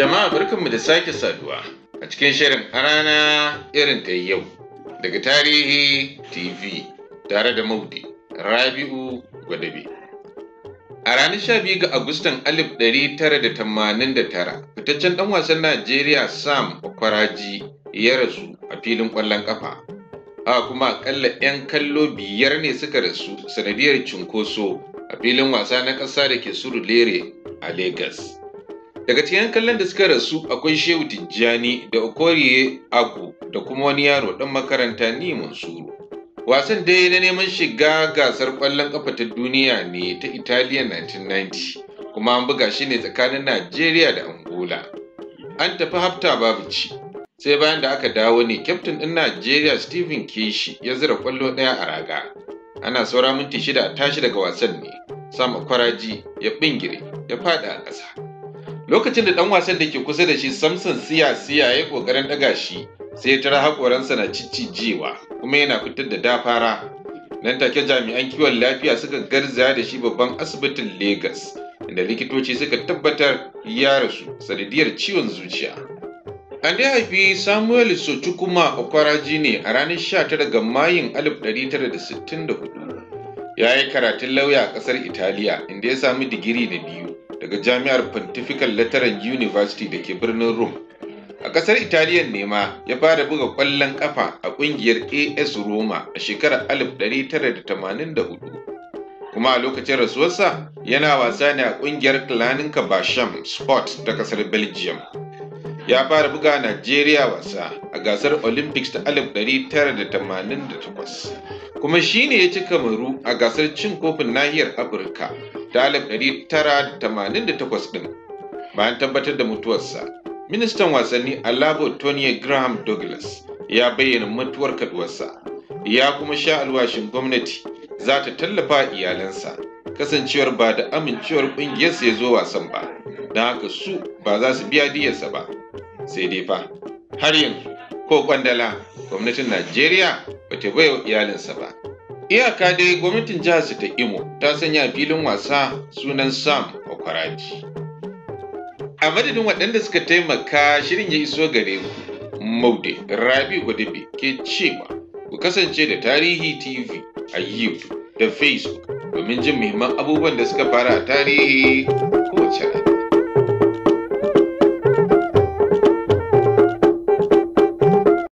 Jama'a barkanmu da sake saduwa a cikin shirin a rana irin ta yau daga tarihi TV tare da Maudi Rabi'u Gwadabe. A ranar sha biyu ga Agustan alif da da tara, fitaccen ɗan wasan Najeriya Sam Okwaraji ya rasu a filin ƙwallon ƙafa. A kuma aƙalla 'yan kallo biyar ne suka rasu sanadiyar cunkoso a filin wasa na ƙasa da ke Surulere a Legas. Daga cikin kallon da suka rasu akwai Shehu Tijjani da Okoriye Agu da kuma wani yaro ɗan makaranta ni Mansuru. Wasan dai na neman shiga gasar ƙwallon ƙafa ta duniya ne ta Italiya 1990 kuma an buga shi ne tsakanin Najeriya da Angola. An tafi hafta babu ci. Sai bayan da aka dawo ne kyaftin ɗin Najeriya Stephen Keshi ya zira ƙwallo ɗaya a raga. Ana saura minti shida a tashi daga wasan ne. sama Kwaraji ya bingire ya faɗi a ƙasa. lokacin da dan wasan da ke kusa da shi samson siya siya ya kokarin daga shi sai ya tara hakoransa na ciccijewa kuma yana fitar da dafara nan take jami'an kiwon lafiya suka garza da shi babban asibitin lagos inda likitoci suka tabbatar ya rasu sanadiyar ciwon zuciya an dai haifi samuel sotukuma okwaraji ne a ranar 19 ga mayun 1964 ya yi karatun lauya a ƙasar italiya inda ya sami digiri na biyu daga jami'ar Pontifical Lateran University da ke birnin Rome. A ƙasar Italiyan ne ma ya fara buga kwallon ƙafa a ƙungiyar AS Roma a shekarar 1984. Kuma a lokacin rasuwarsa yana wasa ne a ƙungiyar Klaninka Basham Sport ta ƙasar Belgium. ya fara buga Najeriya wasa a gasar Olympics ta 1988 kuma shi ne ya ci kamaru a gasar cin kofin nahiyar Afirka ta 1988 din bayan tabbatar da mutuwarsa. Ministan wasanni Alabo Tony Graham Douglas ya bayyana mutuwar kaduwarsa ya kuma sha alwashin gwamnati za ta tallafa iyalansa kasancewar ba da amincewar ƙungiyarsa ya zo wasan ba don haka su ba za su biya diyarsa ba sai dai fa har yanzu ko kwandala gwamnatin najeriya ba ta baiwa iyalinsa ba iyaka dai gwamnatin jihar ta imo ta sanya filin wasa sunan sam okwaraji a madadin waɗanda suka taimaka shirin ya iso gare ku maude rabi gwadabe ke cewa ku kasance da tarihi tv a youtube da facebook domin jin muhimman abubuwan da suka fara a tarihi kowace rana